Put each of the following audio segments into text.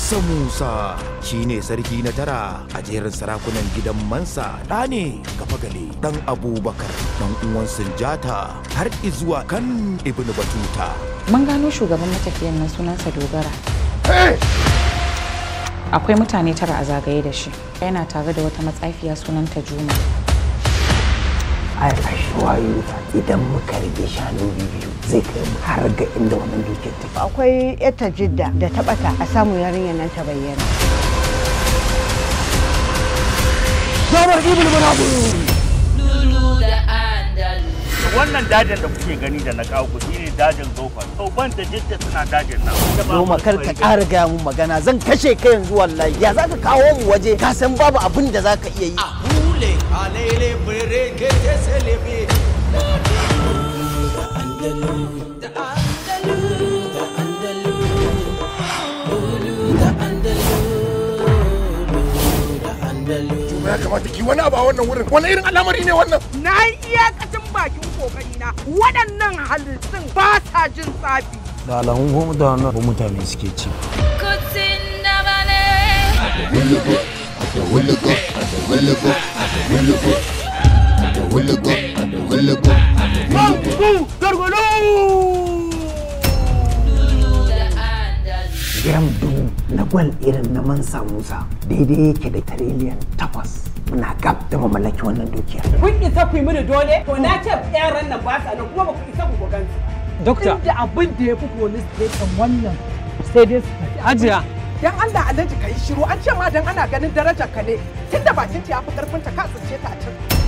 Mansa Musa shine sarki na tara a jerin sarakunan gidan Mansa ɗane ne gafagale ɗan Abubakar ɗan uwan Sinjata har izuwa kan Ibn Batuta. Mun gano shugaban matafiyan nan sunansa Dogara. Akwai mutane tara a zagaye da shi. Yana tare da wata matsafiya sunanta Juma. har assure you idan muka rage shanu biyu zai kai mu har ga inda wannan dukiyar ta akwai yata jidda da ta bata a samu yarinyar nan ta bayyana Zamar Ibn Manabun wannan dajin da kuke gani da na kawo ku shine dajin zofa to ban da jidda suna dajin nan Roma kar ka ƙara gaya mun magana zan kashe ka yanzu wallahi ya zaka kawo mu waje ka san babu abin da zaka iya yi a hule alele bere ya kamata ki wani abu a wannan wurin wani irin al'amari ne wannan na yi iyakacin bakin kokari na waɗannan halittun ba sa jin tsafi da alamun ko mutane ko mutane suke ci Boom! gwal irin na mansa musa daidai yake da tiriliyan takwas muna gab da mamalaki wannan dukiya kun isa ku yi mini dole to na ce yaran nan ba sa nan kuma ba ku isa ku gansu dokta inda abin da ya fi police station wannan sai dai ajiya dan Allah alhaji kai shiru an ce ma dan ana ganin darajar ka ne tunda bakin ta ya fi karfin ta ka tsince ta a can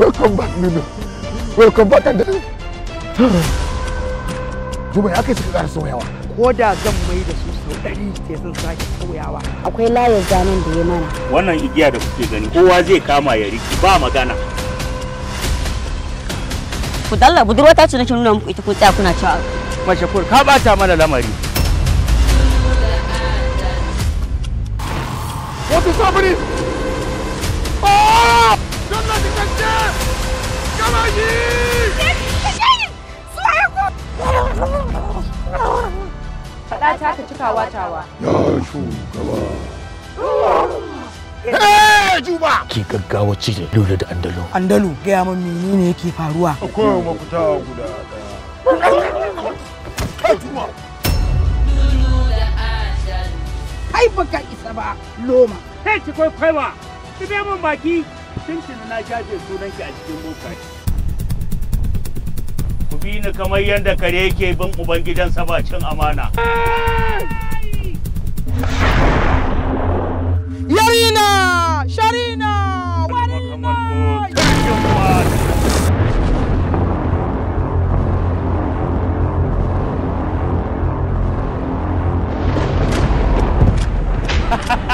welcome back Nuno welcome back and Juma ya kai suka ƙara sauyawa. Ko da zan mai da su sau ɗari sai sun sake sauyawa. Akwai layin zanen da ya mana. Wannan igiya da kuke gani kowa zai kama ya riki ba magana. Ku dalla budurwa ta ce nake nuna muku ita ko tsaya kuna cewa. Mashakur ka bata mana lamari. What is Oh! Faɗa ta ka cikawa tawa. Ya shugaba. Juba! Ki gaggawa cire dole da Andalo. andalu gaya min menene yake faruwa. Akwai mafita guda ɗaya. Kai Juba! Kai baka isa ba, Loma. Kai ci kwaikwaiwa, ki bai min baki. Tuntuna na jaje sunan ki a cikin bokaci. bi ni kamar yadda kare yake bin ubangidansa ba cin amana. Yarina! Sharina! Warina! Ha ha ha!